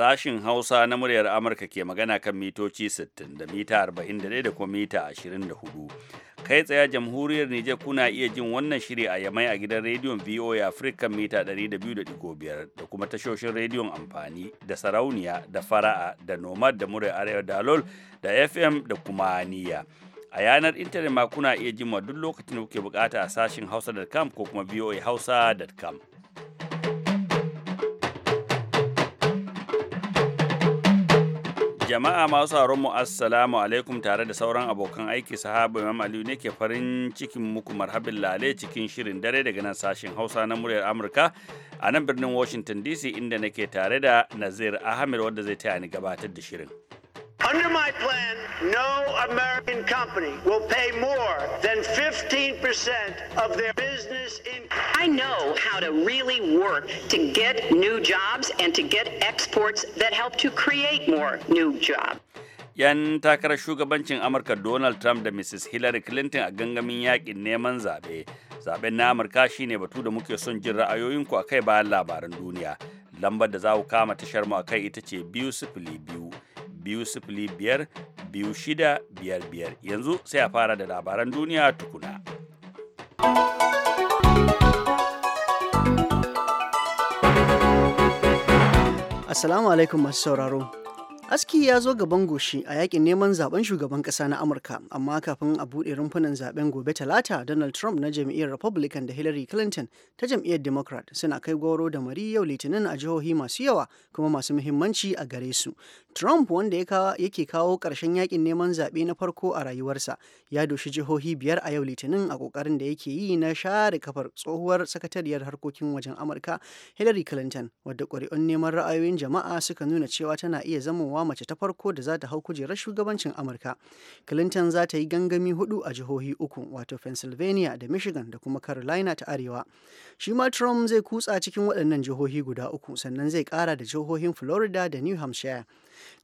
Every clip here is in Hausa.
sashin Hausa na muryar Amurka ke magana kan mitoci 60 da mita 41 da kuma mita 24. Kai tsaye jamhuriyar Nijar kuna iya jin wannan shiri a yamai a gidan rediyon VOA Africa mita 200.5 da kuma tashoshin rediyon amfani da sarauniya da fara'a da nomad da muryar arewa dalol da FM da kuma niya. A yanar intanet ma kuna iya jin duk lokacin da kuke bukata a sashin hausa.com ko kuma voahausa.com. Jama'a masu sauran mu assalamu alaikum tare da sauran abokan aiki sahaba Imam Aliyu ne ke farin cikin muku marhabin lale cikin shirin dare daga nan sashen Hausa na muryar Amurka a nan birnin Washington DC inda nake tare da Nazir Ahmed wanda zai taya ni gabatar da shirin. Under my plan, no American company will pay more than 50% of their business in. I know how to really work to get new jobs and to get exports that help to create more new jobs. 'yan takarar shugabancin amurka donald trump da mrs hillary clinton a gangamin yakin neman zaɓe zaɓen na amurka shine batu da muke son jin ra'ayoyinku a kai bayan labaran duniya lambar da za ku kama tashar mu a kai ita ce biyu sifili biyu biyu sifili biyar biyu shida biyar biyar yanzu sai a fara da labaran duniya tukuna. Assalamu alaikum masu sauraro. aski ya zo gaban goshi a yakin neman zaben shugaban kasa na amurka amma kafin a bude rumfunan zaben gobe talata donald trump na jam'iyyar republican da hillary clinton ta jam'iyyar democrat suna kai goro da mari yau litinin a jihohi masu yawa kuma masu muhimmanci a gare su trump wanda yake kawo karshen yakin neman zaɓe na farko a rayuwarsa ya doshi jihohi biyar a yau litinin a kokarin da yake yi na share kafar tsohuwar sakatariyar harkokin wajen amurka hillary clinton wadda ƙuri'un neman ra'ayoyin jama'a suka nuna cewa tana iya zamowa zamawa mace ta farko da za ta hau kujerar shugabancin Amurka. Clinton za ta yi gangami hudu a jihohi uku wato Pennsylvania da Michigan da kuma Carolina ta Arewa. Shi ma Trump zai kutsa cikin waɗannan jihohi guda uku sannan zai ƙara da jihohin Florida da New Hampshire.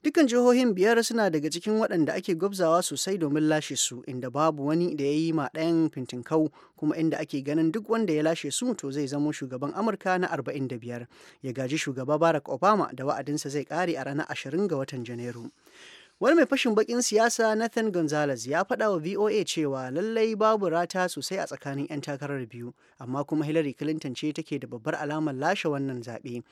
Dukkan jihohin biyar suna daga cikin waɗanda ake gwabzawa sosai domin lashe su inda babu wani da ya yi ma ɗayan fintinkau kuma inda ake ganin duk wanda ya lashe su to zai zamo shugaban Amurka na 45 ya gaji shugaba Barack Obama da wa'adinsa zai kare a ranar 20 ga watan Janairu. Wani mai fashin bakin siyasa Nathan Gonzalez ya faɗa wa VOA cewa lallai babu rata sosai a tsakanin 'yan takarar biyu, amma kuma Hillary Clinton ce take da babbar alamar lashe wannan zaɓe.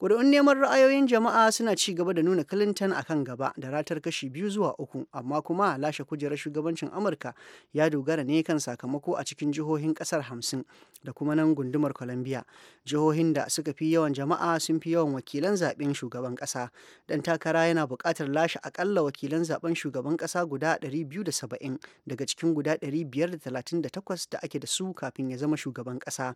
Ƙuri'un neman ra'ayoyin jama'a suna ci gaba da nuna Clinton a kan gaba da ratar kashi biyu zuwa uku, amma kuma lashe kujerar shugabancin Amurka ya dogara ne kan sakamako a cikin jihohin ƙasar hamsin da kuma nan gundumar Columbia. Jihohin da suka fi yawan jama'a sun fi yawan wakilan zaɓen shugaban ƙasa. Dan takara yana buƙatar lashe aƙalla wakilan zaben shugaban ƙasa guda 270 daga cikin guda 538 da ake da su kafin ya zama shugaban ƙasa.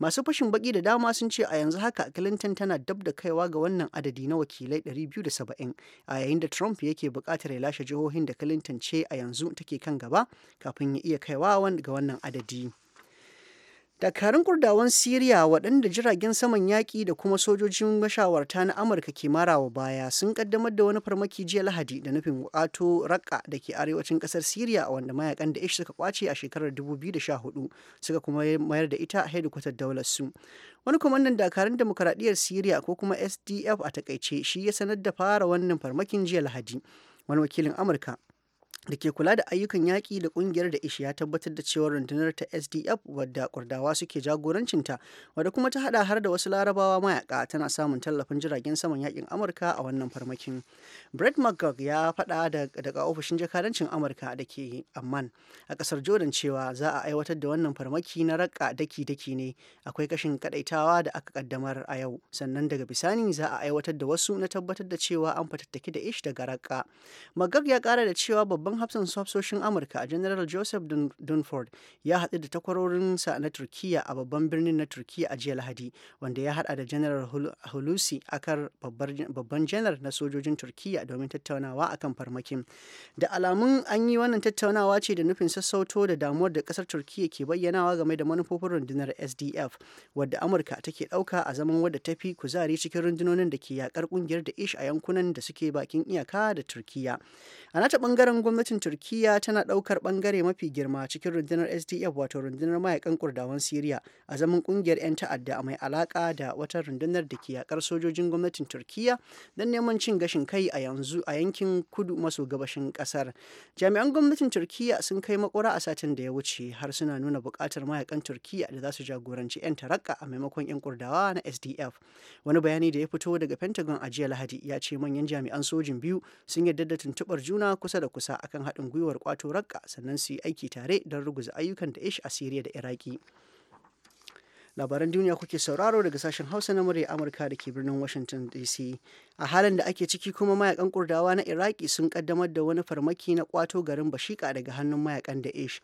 Masu fashin baki da dama sun ce a yanzu haka Clinton tana dab da kaiwa ga wannan adadi na wakilai 270 a yayin da Trump yake buƙatar ya lashe jihohin da Clinton ce a yanzu take kan gaba kafin ya iya kaiwa ga wannan adadi. dakarun kurdawan siriya waɗanda jiragen saman yaƙi da kuma sojojin mashawarta na amurka ke marawa baya sun kaddamar da wani farmaki jiya lahadi da nufin wato raƙa da ke arewacin ƙasar siriya wanda mayakan da ish suka kwace a shekarar 2014 suka kuma mayar da ita a hedikwatar daular su wani kwamandan dakarun demokaradiyyar siriya ko kuma sdf a takaice shi ya sanar da fara wannan farmakin jiya lahadi wani wakilin amurka da ke kula da ayyukan yaƙi da ƙungiyar da ishi ya tabbatar da cewar rundunar ta sdf wadda kurdawa suke jagorancinta wadda kuma ta hada har da wasu larabawa mayaka tana samun tallafin jiragen saman yakin amurka a wannan farmakin brett mcgurk ya faɗa daga ofishin jakadancin amurka da ke amman a ƙasar jordan cewa za a aiwatar da wannan farmaki na raka daki-daki ne akwai kashin kaɗaitawa da aka ƙaddamar a yau sannan daga bisani za a aiwatar da wasu na tabbatar da cewa an fatattaki da ish daga raka mcgurk ya ƙara da cewa babban babban hafsan sofsoshin amurka a general joseph dunford ya haɗu da takwarorinsa na turkiya a babban birnin na turkiya a jiya lahadi wanda ya haɗa da general hulusi akar babban janar na sojojin turkiya domin tattaunawa akan farmakin da alamun an yi wannan tattaunawa ce da nufin sassauto da damuwar da ƙasar turkiya ke bayyanawa game da manufofin rundunar sdf wadda amurka take ɗauka a zaman wadda ta fi kuzari cikin rundunonin da ke yakar kungiyar da ish a yankunan da suke bakin iyaka da turkiya a nata ɓangaren gwamnati gwamnatin Turkiyya tana ɗaukar ɓangare mafi girma cikin rundunar SDF wato rundunar mayakan kurdawan Siriya a zaman ƙungiyar 'yan ta'adda mai alaƙa da wata rundunar da ke yakar sojojin gwamnatin Turkiyya don neman cin gashin kai a yanzu a yankin kudu maso gabashin ƙasar. Jami'an gwamnatin Turkiyya sun kai makura a satin da ya wuce har suna nuna bukatar mayakan Turkiyya da za su jagoranci 'yan tarakka a maimakon 'yan kurdawa na SDF. Wani bayani da ya fito daga Pentagon a jiya Lahadi ya ce manyan jami'an sojin biyu sun yarda da tuntuɓar juna kusa da kusa a kan haɗin gwiwar kwato rakka sannan su yi aiki tare don ruguza ayyukan da ish a siriya da iraki labaran duniya kuke sauraro daga sashen hausa na murya amurka da ke birnin washington dc a halin da ake ciki kuma mayakan kurdawa na iraki sun kaddamar da wani farmaki na kwato garin bashika daga hannun mayakan da ish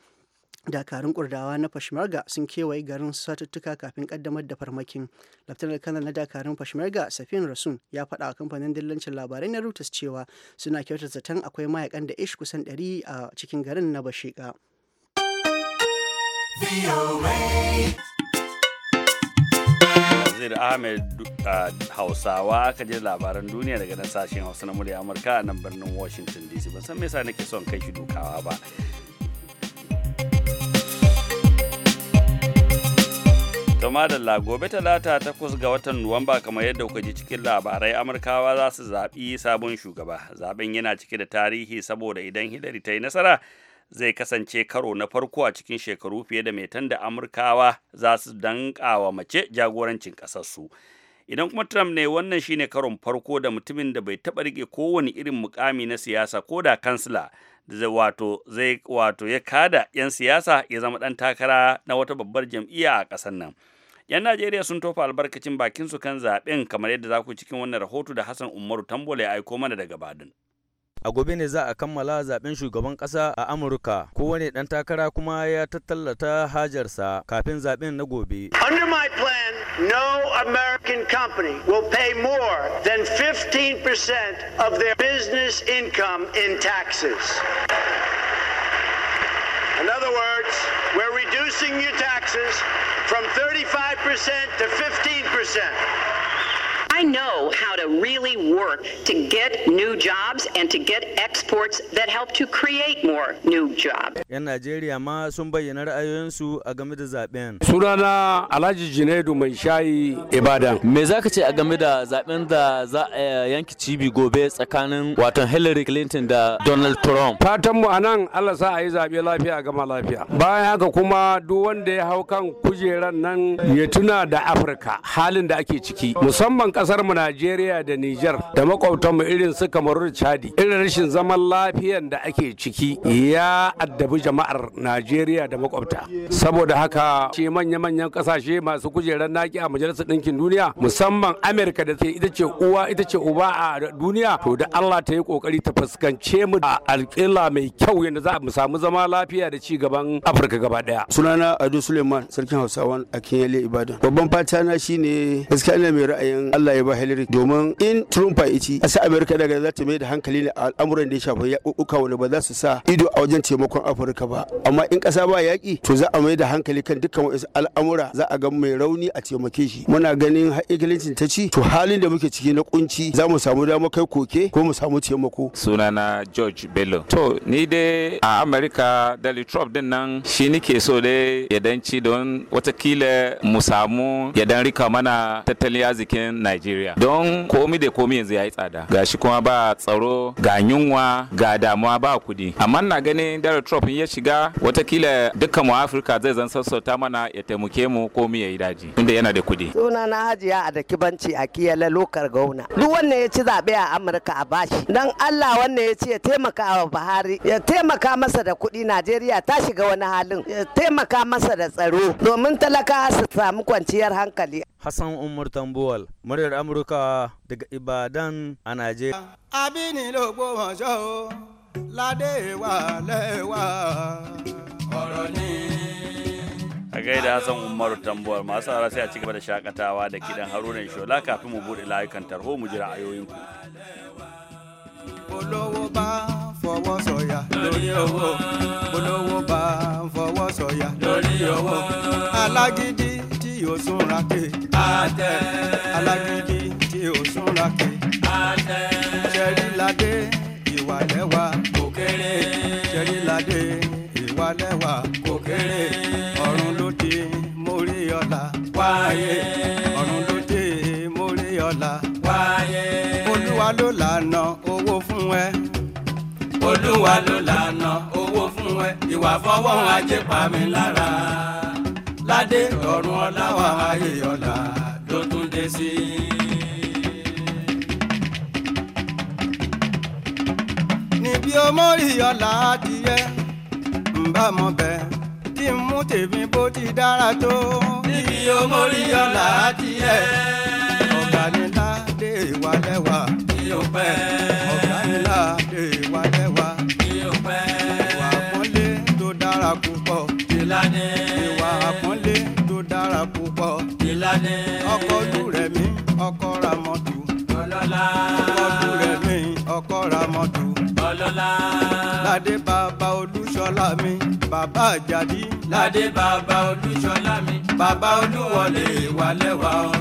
dakarun kurdawa na peshmerga sun kewaye garin satuttuka kafin kaddamar da farmakin laftanar kanar na dakarun peshmerga safin rasun ya faɗa a kamfanin dillancin labarai na reuters cewa suna kyautar zaton akwai mayakan da ish kusan 100 a cikin garin na bashika Nazir Ahmed Hausawa ka je labaran duniya daga nan sashen Hausa na murya Amurka a nan birnin Washington DC. Ban san me yasa nake son kai shi dukawa ba. To madalla gobe talata takwas ga watan Nuwamba kamar yadda kuka ji cikin labarai Amurkawa za su zaɓi sabon shugaba. zaɓen yana cike da tarihi saboda idan Hillary ta yi nasara zai kasance karo na farko a cikin shekaru fiye da mai tanda Amurkawa za su danƙawa mace jagorancin ƙasarsu. Idan kuma Trump ne wannan shine karon farko da mutumin da bai taɓa riƙe kowane irin mukami na siyasa ko da kansila. wato zai wato ya kada 'yan siyasa ya zama ɗan takara na wata babbar jam'iyya a ƙasar nan. 'Yan Najeriya sun tofa albarkacin bakin su kan zaɓen kamar yadda za ku cikin wannan rahoto da Hassan Umaru Tambola ya aiko mana daga Badin. a gobe ne za a kammala zaɓen shugaban ƙasa a amurka kowane ɗan takara kuma ya tattallata hajarsa kafin zaɓen na gobe under my plan No American company will pay more than 15% of their business income in taxes. In other words, we're reducing your taxes from 35% to 15%. I know how to really work to get new jobs and to get exports that help to create more new jobs. 'Yan Najeriya ma sun bayyana ra'ayoyinsu a game da zaben. Sunana Alhaji Junaidu mai shayi Ibadan. Me zaka ce a game da zaben da za a eh, yanki cibi gobe tsakanin watan Hillary Clinton da Donald Trump? Fatan mu anan Allah sa a yi zaɓe lafiya gama lafiya. Bayan haka kuma duk wanda ya hau kan kujeran nan ya tuna da Afirka halin da ake ciki musamman kasar mu Najeriya da Nijar da makwabtan mu irin su Kamaru da Chadi irin rashin zaman lafiyan da ake ciki ya addabi jama'ar Najeriya da makwabta saboda haka ce manya-manyan kasashe masu kujerar naki a majalisar ɗinkin duniya musamman Amerika da ita ce uwa ita ce uba a duniya to da Allah ta yi kokari ta fuskance mu a alƙila mai kyau yadda za mu samu zama lafiya da ci gaban Afirka gaba daya sunana Ado Suleiman sarkin Hausawan Kenya Ibadan babban fata na shine gaskiya ne mai ra'ayin Allah Allah ya ba Hillary domin in Trump ya ci a sa Amerika daga za ta mai da hankali ne a al'amuran da ya shafi yaƙuƙuka wani ba za su sa ido a wajen taimakon Afirka ba amma in kasa ba yaki to za a mai da hankali kan dukkan wasu al'amura za a ga mai rauni a taimake shi muna ganin haƙiƙilincin ta ci to halin da muke ciki na kunci za mu samu damar kai koke ko mu samu taimako sunana George Bello to ni dai a Amerika Dali Trump din nan shi nike so dai ya danci don watakila mu samu ya rika mana tattalin arzikin Najeriya Najeriya don komi da komi yanzu yi tsada Ga shi kuma ba tsaro ga yunwa ga damuwa ba kudi amma na ganin dara Trump ya shiga watakila dukkan mu Afirka zai zan sassauta mana ya taimake mu komi ya yi daji Inda yana da kudi suna na Hajiya a da kibanci a kiyala lokar gauna duk wanda ya ci zabe a Amurka a bashi dan Allah wanda ya ci ya taimaka wa Buhari ya taimaka masa da kuɗi Najeriya ta shiga wani halin ya taimaka masa da tsaro domin talaka su samu kwanciyar hankali Hassan Umar Tambuwal, muryar Amurka daga Ibadan a Najeriya. Abi ni lógbó ọjọ́ ládé wa lewa ọ̀rọ̀ ni. A gaida Hassan Umar Tambuwal masu ara sai a ci gaba da shakatawa da kidan Haruna Shola kafin mu buɗe layukan tarho mu jira ayoyinku. Olówó bá fọwọ́ sọ̀yà lórí owó. Olówó bá fọwọ́ sọ̀yà lórí owó. Alágídí. tí o sún rake. àtẹ. alágídí tí o sún rake. àtẹ. ṣẹ̀ríládé ìwà lẹ́wà. kò kéré. ṣẹ̀ríládé ìwà lẹ́wà. kò kéré. ọ̀run ló dé mórí ọ̀la. wáyé. ọ̀run ló dé mórí ọ̀la. wáyé. olúwa ló lànà owó fún ẹ. olúwa ló lànà owó fún ẹ. ìwà fọwọ́ ajé pa mi lára ládé ọ̀run ọlá wà ayé ọ̀la ló tún dé sí. níbi ọmọ ìyọ̀lá adìyẹ ń bá mọ bẹ tí ń mú tèmi bó ti dára tó. níbi ọmọ ìyọ̀lá adìyẹ. ọ̀gá ni ládé ìwà lẹ́wà. kí o pẹ́. ọ̀gá ni ládé ìwà lẹ́wà. kí o pẹ́. wà á mọ́lé tó dára púpọ̀. kí ládé. Ọlọ́ládé. ọkọ Olúrẹ̀mí ọkọ Ramọ́dù. ọlọ́lá. ọkọ Olúrẹ̀mí ọkọ Ramọ́dù. ọlọ́lá. ládé bàbá Olúṣọlá mi bàbá Àjàdí. ládé bàbá Olúṣọlá mi bàbá Olúwọlé ìwà lẹ́wà o.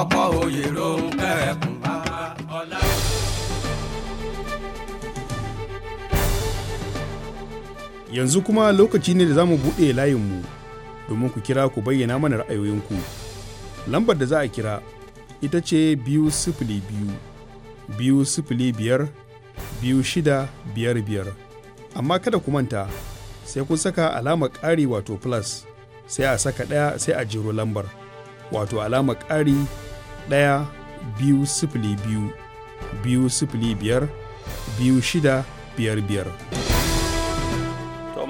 ọkọ oyè ló ń kẹ́ẹ̀kùn bàbá yanzu kuma lokaci ne da za mu buɗe layinmu domin ku kira ku bayyana mana ra'ayoyinku. lambar da za a kira ita ce biyu sifili biyu biyu sifili biyar biyu amma kada ku manta sai kun saka alama ƙari wato plus sai a saka ɗaya sai a jiro lambar wato alama ƙari ɗaya biyu sifili biyu biyu sifili biyar biyu shida biyar biyar.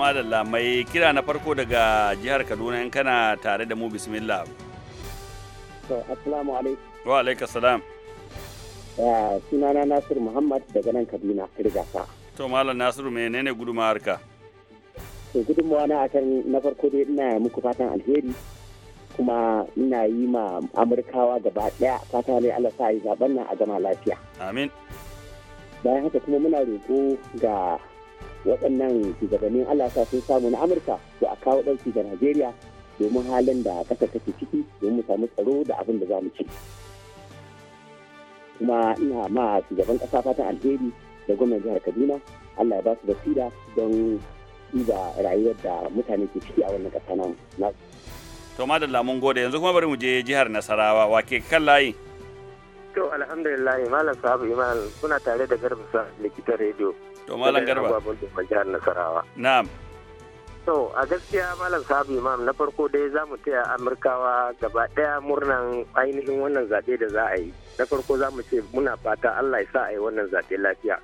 madalla mai kira na farko daga jihar kaduna in kana tare da mu bismillah Assalamu alaikum. Wa alaikum salam. Ah, sunana Nasir Muhammad daga nan Kaduna, Kirgasa. To Malam Nasiru menene gudunmawar ka? To gudunmawa na akan na farko dai ina muku fatan alheri kuma ina yi ma Amurkawa gaba daya fata ne Allah sa yi zaben nan a gama lafiya. Amin. Bayan haka kuma muna roƙo ga waɗannan shugabannin Allah sa sun samu na Amurka to a kawo ɗauki ga Najeriya domin halin da ƙasa take ciki domin mu samu tsaro da abin da za mu ci kuma ina ma shugaban ƙasa fatan alheri da gwamnan jihar kaduna allah ya ba su basira don duba rayuwar da mutane ke ciki a wannan ƙasa namu to madalla mun gode yanzu kuma bari mu je jihar nasarawa wake kan layi to alhamdulillah malam sahabu iman kuna tare da garba sa likita rediyo to malam garba jihar nasarawa na'am To a gaskiya Malam Sabu Imam na farko dai za mu taya Amurkawa gaba daya murnan ainihin wannan zaɓe da za a yi. Na farko za mu ce muna fata Allah ya sa a yi wannan zaɓe lafiya.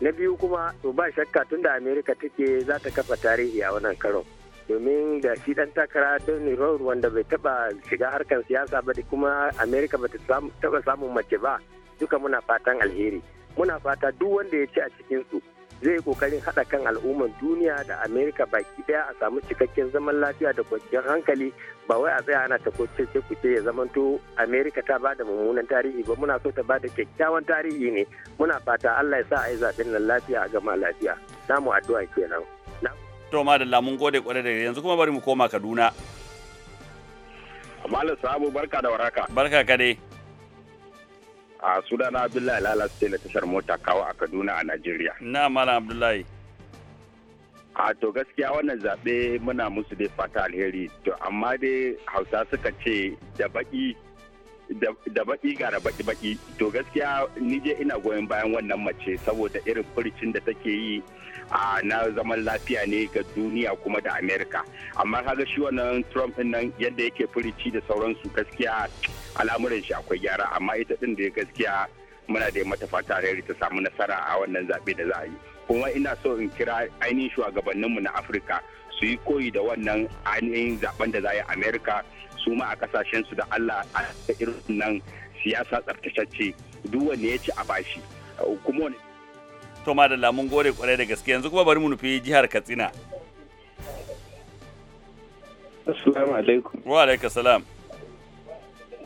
Na biyu kuma to ba shakka da Amerika take za ta kafa tarihi a wannan karon. domin da shi dan takara don rawar wanda bai taba shiga harkar siyasa ba da kuma Amerika ba ta taba samun mace ba duka muna fatan alheri muna fata duk wanda ya ci a cikin su zai kokarin haɗa kan al'umman duniya da amerika baki daya a samu cikakken zaman lafiya da kwanciyar hankali ba wai a tsaya ana ta kuce kuce ya zamanto amerika ta ba da mummunan tarihi ba muna so ta ba da kyakkyawan tarihi ne muna fata allah ya sa a yi zaɓen nan lafiya a gama lafiya namu addu'a kenan to da mun gode kwarai da yanzu kuma bari mu koma kaduna malam sabu barka da waraka barka ka dai a sunana abdullahi lala sai na tashar mota kawo a kaduna a najeriya na mana abdullahi a to gaskiya wannan zaɓe muna musu dai fata alheri to amma dai hausa suka ce da baƙi da baki gara baki baki to gaskiya ni je ina goyon bayan wannan mace saboda irin furcin da take yi a na zaman lafiya ne ga duniya kuma da amerika amma kaga shi wannan trump nan yadda yake furci da sauransu gaskiya al'amuran shi akwai gyara amma ita din da gaskiya muna da mata fata ta samu nasara a wannan zaɓe da za a yi kuma ina so in kira ainihin shugabanninmu na afirka su yi koyi da wannan ainihin zaben da za a yi amerika su ma a kasashen su da Allah a irin nan siyasa tsaftatacce duk wanne ya ci a bashi kuma to ma da lamun gore kwarai da gaske yanzu kuma bari mu nufi jihar Katsina Assalamu alaikum wa alaikum salam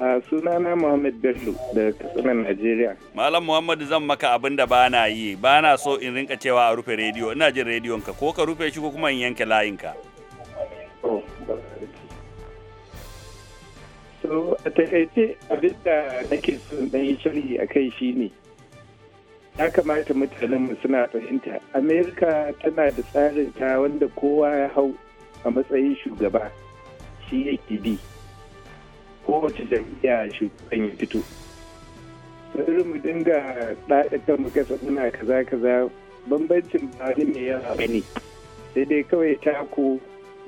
a sunana Muhammad Bello daga Katsinan Najeriya. Malam Muhammad zan maka abin da ba na yi, ba na so in rinka cewa a rufe rediyo, ina jin rediyon ka ko ka rufe shi ko kuma in yanke layinka. To a takaice abin da nake so na yi sharhi a kai shi ne. Ya kamata mutanenmu suna fahimta. Amerika tana da tsarin ta wanda kowa ya hau a matsayin shugaba shi yake bi. Kowace jam'iyya shugaban ya fito. Bari mu dinga ɗaɗa kan mu kasa muna kaza kaza bambancin ba ne yawa ba ne. Sai dai kawai tako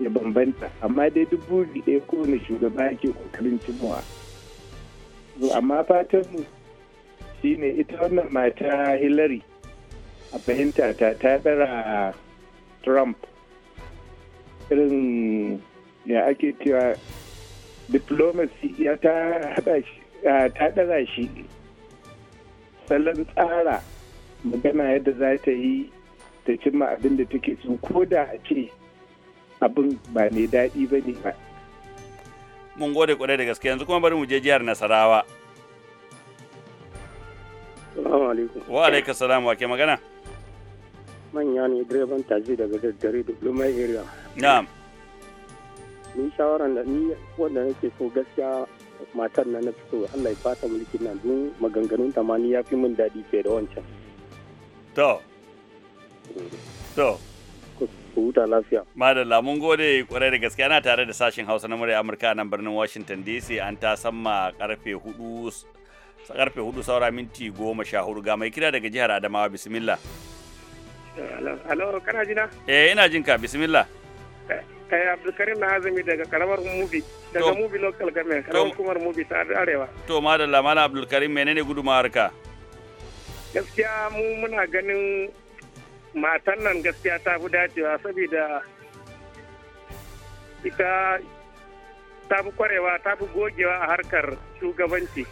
ya bambanta amma dai dubu ɗaya kowane shugaba yake kokarin cimowa amma fatan mu shine ita wannan mata hillary a fahimta ta ta trump irin ya ake cewa diplomacy ya ta hada shi ta ɗara shi salon tsara magana yadda za ta yi ta cimma abin da take so ko da a ce abin ba mai daɗi ba ne ba. Mun gode kwarai da gaske yanzu kuma bari mu je jihar Nasarawa. Salamu alaikum. Wa alaikum salam wa ke magana? Manya ne direban tazi daga daddare da Bluma area. Na'am. Ni shawaran da ni wanda nake so gaskiya matar na na fito Allah ya fata mulkin na don maganganun ta ma ni ya fi min daɗi fiye da wancan. To. To. ku huta lafiya. Madalla mun gode kwarai da gaske ana tare da sashen Hausa na murya Amurka nan birnin Washington DC an ta samma karfe hudu karfe hudu saura minti goma sha hudu ga mai kira daga jihar Adamawa bismillah. Alo kana jina? Eh ina jin ka bismillah. Eh, eh Abdulkarim na azumi daga karamar Mubi daga Mubi local government karamar kumar Mubi ta arewa. To madalla malam Abdulkarim menene gudumawar ka? Gaskiya mu muna ganin matan nan gaskiya ta fi dacewa saboda ita ta fi kwarewa ta fi gogewa a harkar shugabanci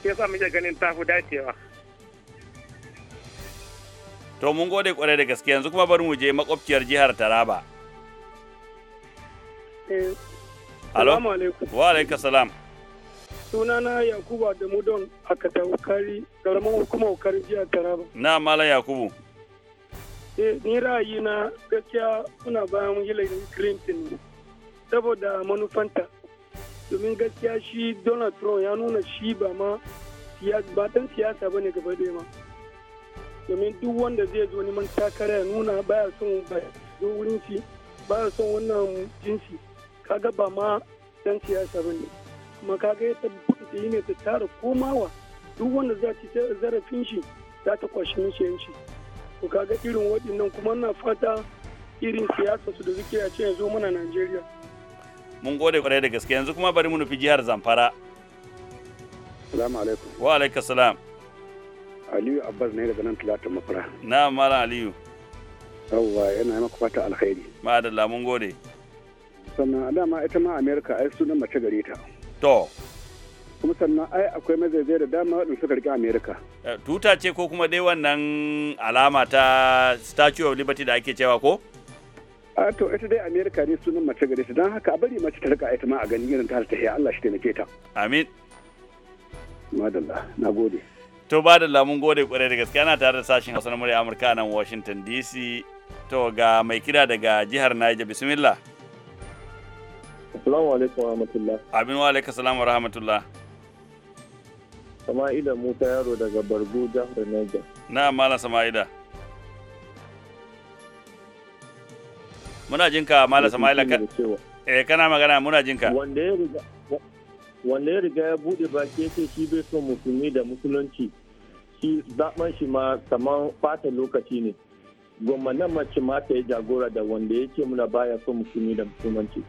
ke sa muke ganin ta fi dacewa to mun gode kwarai da gaske yanzu kuma bari mu je makwabciyar jihar taraba eh. Alo? Wa alaikum salam. sunana yakubu da don a kataukari karamin hukumar hukari jihar taraba na mala yakubu eh, ni ra'ayi na gaskiya suna bayan hillary clinton ne saboda manufanta domin gaskiya shi donald trump ya nuna shi ba ma ba dan siyasa ba ne gaba ma domin duk wanda zai zo neman takara ya nuna baya son wurin shi baya son wannan jinsi kaga ba ma dan siyasa ba ne kuma kaga ya kuɗi ta yi ne ta tara komawa duk wanda za ci zarafin shi za ta kwashi mishi yanci to kaga irin waɗannan kuma na fata irin siyasa su da suke a ce yanzu mana Najeriya mun gode kwarai da gaske yanzu kuma bari mu nufi jihar Zamfara Assalamu alaikum wa alaikum salam Aliyu Abbas ne daga nan Talatin Mafara na mara Aliyu yawwa yana maka fata alkhairi ma'adalla mun gode sannan a dama ita ma Amerika ai sunan mace gare ta To. Kuma sannan ai akwai mazaizai da dama waɗanda suka riƙe Amerika. Eh, tuta ce ko kuma dai wannan alama ta Statue of Liberty da ake cewa ko? a to ita dai amerika ne sunan mace gare ta don haka a bari mace ta rika ita ma a ganin irin ta ta Allah shi taimake ta amin madalla na gode to ba da lamun gode kwarai da gaske ana tare da sashen hausa na murya amurka nan washington dc to ga mai kira daga jihar niger bismillah Assalamu alaikum wa rahmatullah. Abin wa alaikum salam wa rahmatullah. Sama'ila Musa yaro daga Bargu jihar Niger. Na mala Sama'ida. Muna jinka mala Sama'ila ka. Eh kana magana muna jinka. Wanda ya riga wanda ya riga ya bude baki yace shi bai son musulmi da musulunci shi zaman shi ma kaman fata lokaci ne. Gwamma mace ma ta yi jagora da wanda ya ce muna baya son musulmi da musulunci.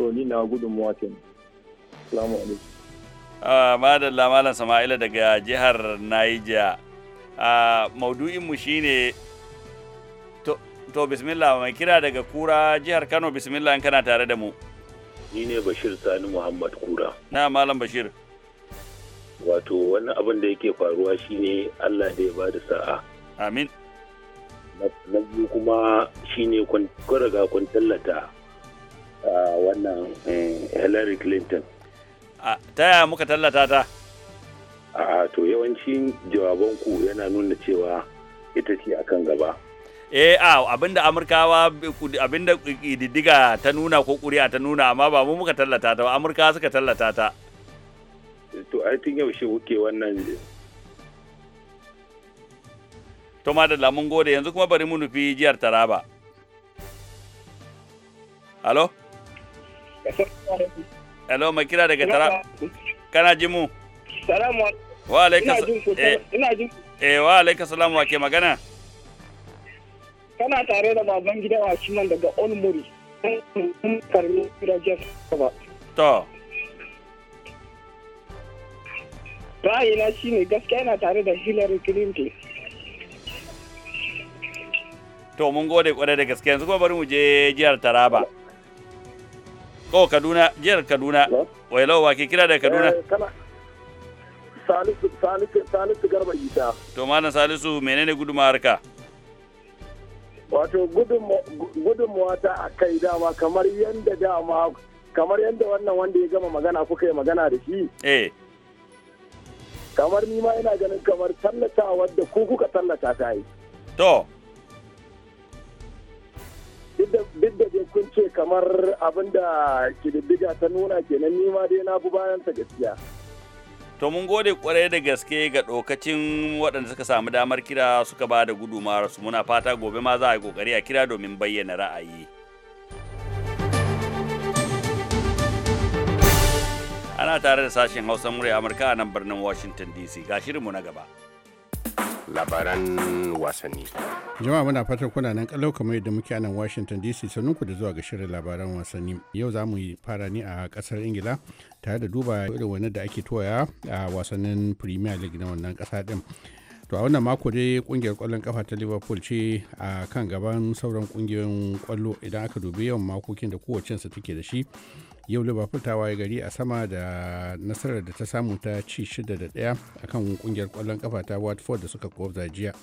so ni na gudun watan salamu alaikum ah, madalla malam sama'ila daga jihar naija ah, maudu'inmu shine to bismillah mai kira daga kura jihar kano bismillah in kana tare da mu ni ne bashir sani muhammad kura na malam bashir wato wannan abin da yake faruwa shine allah da ya ba da sa'a amin na biyu kuma shine kwan riga kun tallata wannan eh, hillary clinton ta yaya muka tallata ta a to yawancin jawabanku yana nuna cewa ita ce akan gaba eh a abinda amurkawa abinda diddiga ta nuna ko kuri'a ta nuna amma ba mu muka tallata ta ba amurkawa suka tallata ta to ai tun yaushe kuke wannan to ma da lamun gode yanzu kuma bari mu nufi jiyar taraba halo Hello mai kira daga tara. Kana ji mu? Salamu eh. eh, Wa alaika salam. Eh wa salamu wa ke magana? Kana tare da baban gida wa daga Olmuri. To. shi ne gaskiya yana tare da Hillary Clinton. To mun gode kwarai da gaske yanzu kuma bari mu je jihar Taraba. ko kaduna jihar kaduna wailau wa ke kira da kaduna eh, salisu salisu salisu garba isa to mana salisu menene gudunmawar ka wato gudunmawa ta a kai dama kamar yadda dama kamar yadda wannan wanda ya gama magana kuka yi magana da shi eh kamar ni ma ina ganin kamar tallata wadda ku kuka tallata ta yi to kun ce kamar abin da kididdiga ta nuna kenan nima dai na bu bayan ta gaskiya. To mun gode kwarai da gaske ga ɗokacin waɗanda suka samu damar kira suka ba da gudumar su muna fata gobe ma za a yi ƙoƙari a kira domin bayyana ra'ayi. Ana tare da sashen Hausa murya Amurka a nan birnin Washington DC ga shirinmu na gaba. labaran wasanni. Jama'a muna fatan kuna nan kalau kamar yadda muke nan Washington DC sannan ku da zuwa ga shirin labaran wasanni. Yau za mu yi fara ne a kasar Ingila tare da duba irin wani da ake toya a wasannin Premier League na wannan kasa din. to a wannan mako dai kungiyar kwallon kafa ta liverpool ce a kan gaban sauran kungiyoyin kwallo idan aka dubi yawan makokin da kowace su take da shi yau liverpool ta waye gari a sama da nasarar da ta samu ta ci shida da daya kan kungiyar kwallon kafa ta watford da suka kofza jiya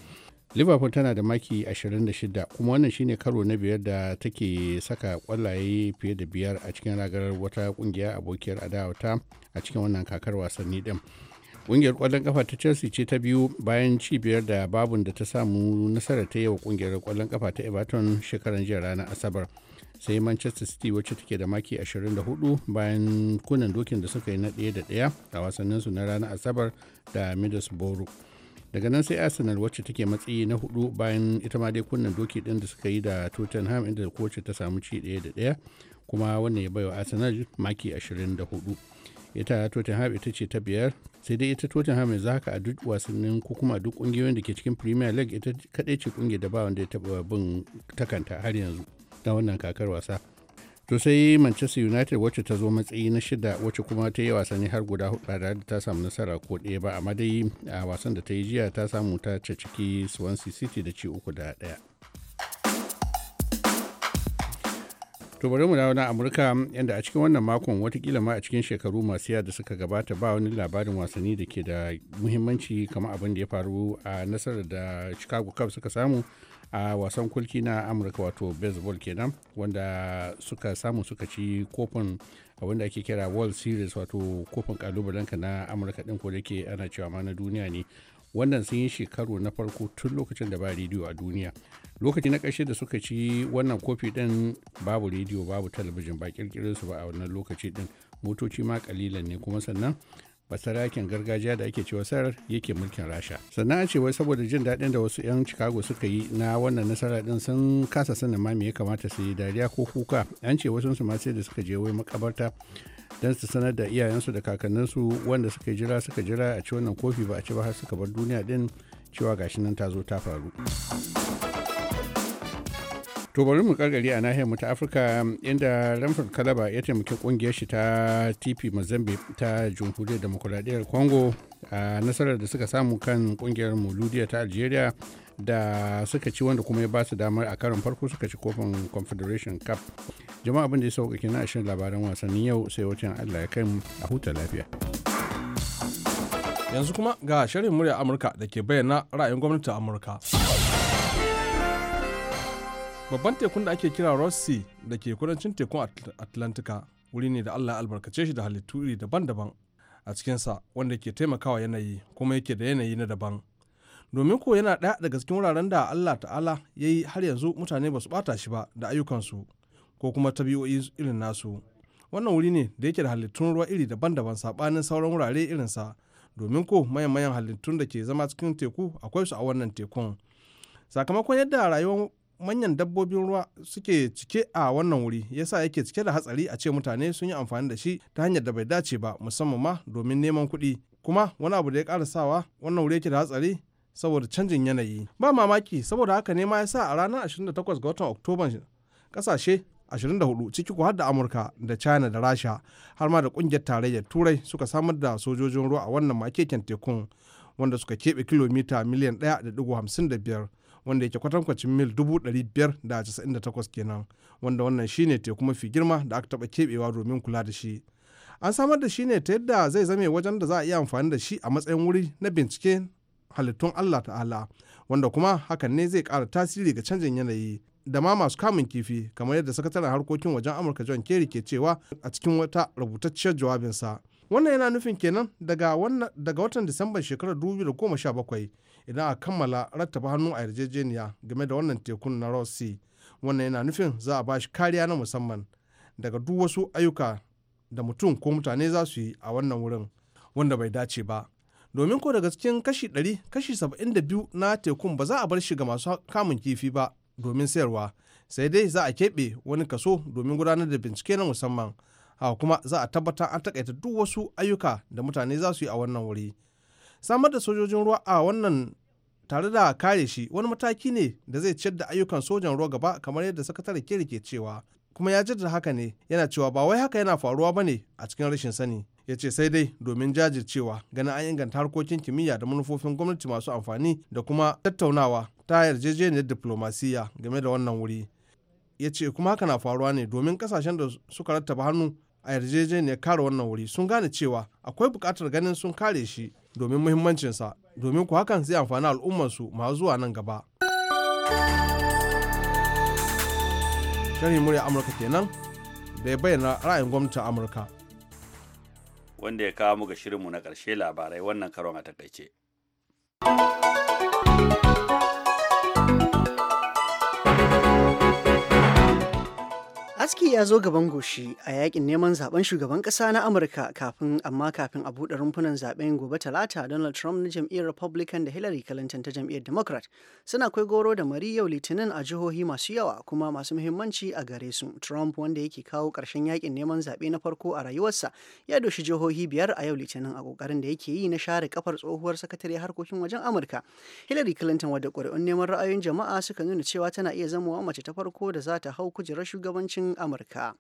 liverpool tana da maki 26 kuma wannan shine karo na biyar da take saka kwallaye fiye da biyar a cikin ragarar wata kungiya abokiyar adawa ta a cikin wannan kakar wasanni din ƙungiyar kwallon kafa ta chelsea ce ta biyu bayan cibiyar da babun da ta samu nasara ta yi wa ƙungiyar kwallon kafa ta everton shekaran jiya ranar asabar sai manchester city wacce take da maki 24 bayan kunan dokin da suka yi na ɗaya da ɗaya a wasannin su na ranar asabar da middlesbrough daga nan sai arsenal wacce take matsayi na hudu bayan ita ma dai kunnan doki ɗin da suka yi da tottenham inda kowace ta samu ci ɗaya da ɗaya kuma wannan ya baiwa arsenal maki 24 ita tottenham ita ce ta biyar sai dai ita tottenham yanzu haka a duk wasannin ko kuma duk kungiyoyin da ke cikin premier league ita kadai ce kungiyar da ba wanda ya taba bin takanta har yanzu na wannan kakar wasa to sai manchester united wacce ta zo matsayi na shida wacce kuma ta yi wasanni har guda hudu da ta samu nasara ko ɗaya ba amma dai a wasan da ta yi jiya ta samu ta ciki swansea city da ci uku da ɗaya to bari mu dawo na amurka yadda a cikin wannan makon watakila ma a cikin shekaru masu yada suka gabata ba wani labarin wasanni da ke da muhimmanci kamar abin da ya faru a nasarar da chicago cubs suka samu a wasan kulki na amurka wato baseball kenan wanda suka samu suka ci kofin wanda ake kira world series wato kofin kalubalenka na amurka din ko da ke ana cewa ma na duniya ne wannan sun yi shekaru na farko tun lokacin da ba rediyo a duniya lokaci na ƙarshe da suka ci wannan kofi ɗin babu rediyo babu talabijin ba ƙirƙirin su ba a wannan lokaci ɗin motoci ma ƙalilan ne kuma sannan basarakin gargajiya da ake cewa sarar yake mulkin rasha sannan a ce wai saboda jin daɗin da wasu 'yan chicago suka yi na wannan nasara ɗin sun kasa sanin ma me ya kamata su yi dariya ko kuka an ce wasu su ma sai da suka je wai makabarta don su sanar da iyayensu da kakanninsu wanda suka jira suka jira a ci wannan kofi ba a ci ba har suka bar duniya din cewa gashi nan ta zo ta faru to bari mu kargari a nahiyar mu ta afirka inda ramford kalaba ya taimaki kungiyar shi ta tp mozambique ta jamhuriyar demokuraɗiyyar congo a nasarar da suka samu kan kungiyar muludiya ta algeria da suka ci wanda kuma ya ba su damar a karin farko suka ci kofin confederation cup jama'a abin da ya sauka kenan a shirin labaran wasannin yau sai wajen allah ya kai a huta lafiya yanzu kuma ga shirin murya amurka da ke bayyana ra'ayin gwamnatin amurka babban tekun da ake kira rossi da ke kudancin tekun atlantika wuri ne da allah ya albarkace shi da halittu iri daban-daban a cikinsa wanda ke taimakawa yanayi kuma yake da yanayi na daban domin ko yana ɗaya daga cikin wuraren da Allah ta'ala ya yi har yanzu mutane ba su ɓata shi ba da ayyukansu ko kuma tabi'o'i irin nasu wannan wuri ne da yake da halittun ruwa iri daban-daban saɓanin sauran wurare irinsa domin ko mayan-mayan halittun da ke zama cikin teku akwai su a wannan tekun sakamakon yadda rayuwar manyan dabbobin ruwa suke cike a wannan wuri yasa yake cike da hatsari a ce mutane sun yi amfani da shi ta hanyar da bai dace ba musamman ma domin neman kuɗi kuma wani abu da ya ƙara sawa wannan wuri yake da hatsari saboda canjin yanayi ba mamaki saboda haka ne ma ya sa a ranar 28 ga watan oktoban kasashe 24 ciki ku har da amurka da china da rasha har ma da kungiyar tarayyar turai suka samar da sojojin ruwa a wannan makeken tekun wanda suka keɓe kilomita miliyan 1.55 wanda yake kwatankwacin mil 598 kenan wanda wannan shine teku mafi girma da aka taɓa keɓewa domin kula da shi an samar da shi ne ta yadda zai zame wajen da za a iya amfani da shi a matsayin wuri na bincike halittun Allah ta'ala wanda kuma hakan ne zai kara tasiri ga canjin yanayi da ma masu kamun kifi kamar yadda sakataren harkokin wajen amurka john kerry ke cewa a cikin wata rubutacciyar jawabinsa wannan yana nufin kenan daga watan disamban shekarar 2017 idan a kammala rattaba hannu a yarjejeniya game da wannan tekun na ross wannan yana nufin za a bashi kariya na musamman daga duk wasu ayyuka da mutum ko mutane za su yi a wannan wurin wanda bai dace ba domin ko daga cikin kashi 100 kashi 72 na tekun ba za a bar shi ga masu kamun kifi ba domin sayarwa sai dai za a keɓe wani kaso domin gudanar da bincike na musamman haka kuma za a tabbatar an takaita duk wasu ayyuka da mutane za su yi a wannan wuri samar da sojojin ruwa a wannan tare da kare shi wani mataki ne da zai ciyar da ayyukan sojan ruwa gaba kamar yadda sakatare ke ke cewa kuma ya jaddada haka ne yana cewa ba wai haka yana faruwa ba ne a cikin rashin sani ya ce sai dai domin jajircewa ganin an inganta harkokin kimiyya da manufofin gwamnati masu amfani da kuma tattaunawa ta yarjejeniyar diplomasiya game da wannan wuri ya ce kuma haka na faruwa ne domin kasashen da suka rattaba hannu a yarjejeniyar kare wannan wuri sun gane cewa akwai buƙatar ganin sun kare shi domin muhimmancinsa domin ku hakan zai amfani al'ummarsu masu zuwa nan gaba. sharhin murya amurka kenan da ya bayyana ra'ayin gwamnatin amurka wanda ya kawo mu ga shirinmu na ƙarshe labarai wannan karon a takaice. Tarihi ya zo gaban goshi a yakin neman zaben shugaban kasa na Amurka kafin amma kafin a buɗe rumfunan zaben gobe talata Donald Trump na jam'iyyar Republican da Hillary Clinton ta jam'iyyar Democrat suna kai goro da mari yau litinin a jihohi masu yawa kuma masu muhimmanci a gare su. Trump wanda yake kawo ƙarshen yakin neman zaɓe na farko a rayuwarsa ya doshi jihohi biyar a yau litinin a kokarin da yake yi na share kafar tsohuwar sakatare harkokin wajen Amurka. Hillary Clinton wadda ƙuri'un neman ra'ayoyin jama'a suka nuna cewa tana iya zama mace ta farko da za ta hau kujerar shugabancin Amurka. amurka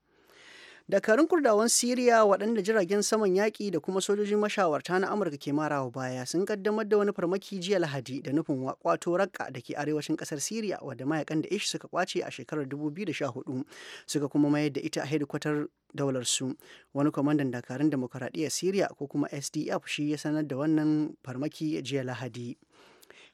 dakarun kurdawan siriya waɗanda jiragen saman yaƙi da kuma sojojin mashawarta na amurka ke marawa baya sun kaddamar da wani farmaki jiya lahadi da nufin kwato rakka da ke arewacin ƙasar siriya wadda mayakan da ish suka kwace a shekarar 2014 suka kuma mayar da ita a hedikwatar daularsu wani kwamandan dakarun demokaradiyyar siriya ko kuma sdf shi ya sanar da wannan farmaki jiya lahadi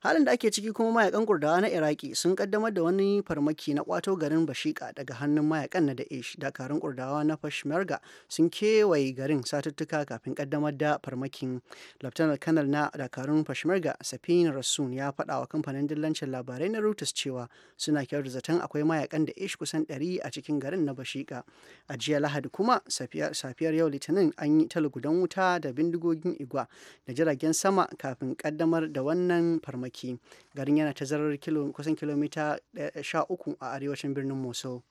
halin da ake ciki kuma mayakan kurdawa na iraki sun kaddamar da wani farmaki na kwato garin bashika daga hannun mayakan na da'ish dakarun kurdawa na fashmerga sun kewaye garin satuttuka kafin kaddamar da farmakin laftanar kanal na dakarun fashmerga safin rasun ya faɗa wa kamfanin dillancin labarai na reuters cewa suna kyautar zaton akwai mayakan da'ish kusan 100 a cikin garin na bashika a jiya lahadi kuma safiyar yau litinin an yi talgudan wuta da bindigogin igwa da jiragen sama kafin kaddamar da wannan farmaki Turki. garin yana zarar kusan kilomita 13 a arewacin birnin mosul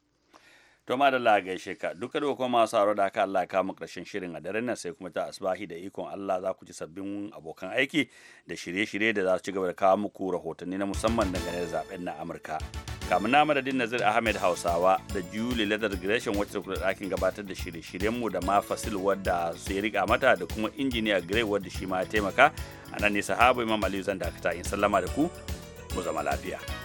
to ma da lagai sheka duka da kuma masu haro da haka Allah ka mu karshen shirin a daren nan sai kuma ta asbahi da ikon Allah za ku ci sabbin abokan aiki da shirye-shirye da za su ci gaba da kawo muku rahotanni na musamman dangane da zaben na Amurka kamun na madadin nazir ahmed hausawa da julie leather gresham wacce kula ɗakin gabatar da shirye-shiryenmu da ma fasil wadda su rika mata da kuma injiniya gray wadda shi ma ya taimaka a nan ne sahabu imam aliyu zan dakata in sallama da ku mu zama lafiya.